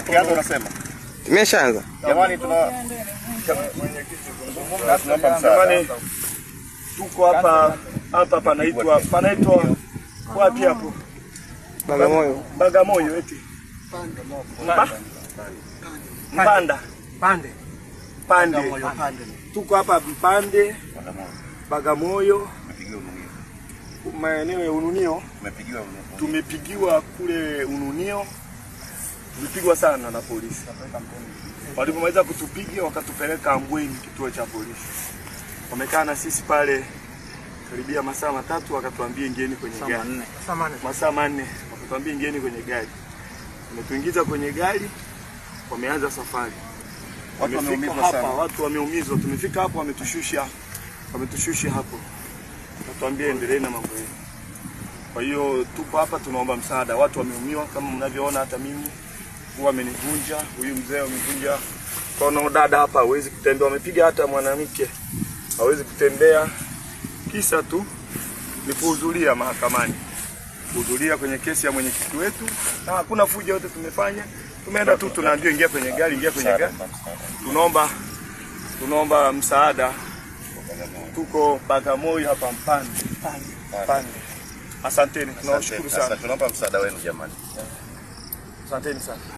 Ukianza Jamani, tuna jamani, tuko hapa hapa, panaitwa panaitwa wapi hapo? Bagamoyo, Bagamoyo eti Mpanda, Pande, Pande, tuko hapa Mpande, Bagamoyo maeneo ya Ununio tumepigiwa Ununio, tumepigiwa kule Ununio, tulipigwa sana na polisi. Walipomaliza kutupiga wakatupeleka Ambweni, kituo cha polisi. Wamekaa na sisi pale karibia masaa matatu, wakatuambia ingieni kwenye gari, masaa manne, wakatuambia ingieni kwenye gari. Wametuingiza kwenye gari, wameanza safari. Watu wameumizwa sana, watu wameumizwa. Tumefika hapo, wametushusha, wametushusha hapo tuambie endelee na mambo yenu. Kwa hiyo tupo hapa tunaomba msaada, watu wameumiwa kama mnavyoona, hata mimi huwa amenivunja huyu mzee, amevunja kono. Dada hapa hawezi kutembea, wamepiga hata mwanamke hawezi kutembea, kisa tu ni kuhudhuria mahakamani, kuhudhuria kwenye kesi ya mwenyekiti wetu, na hakuna fujo yote tumefanya, tumeenda tu tunaambia ingia kwenye gari, ingia kwenye gari. Tunaomba tunaomba msaada tuko Bagamoyo hapa Mpande. Mpande. Asanteni, tunawashukuru sana. Tunaomba msaada wenu jamani. Asanteni sana.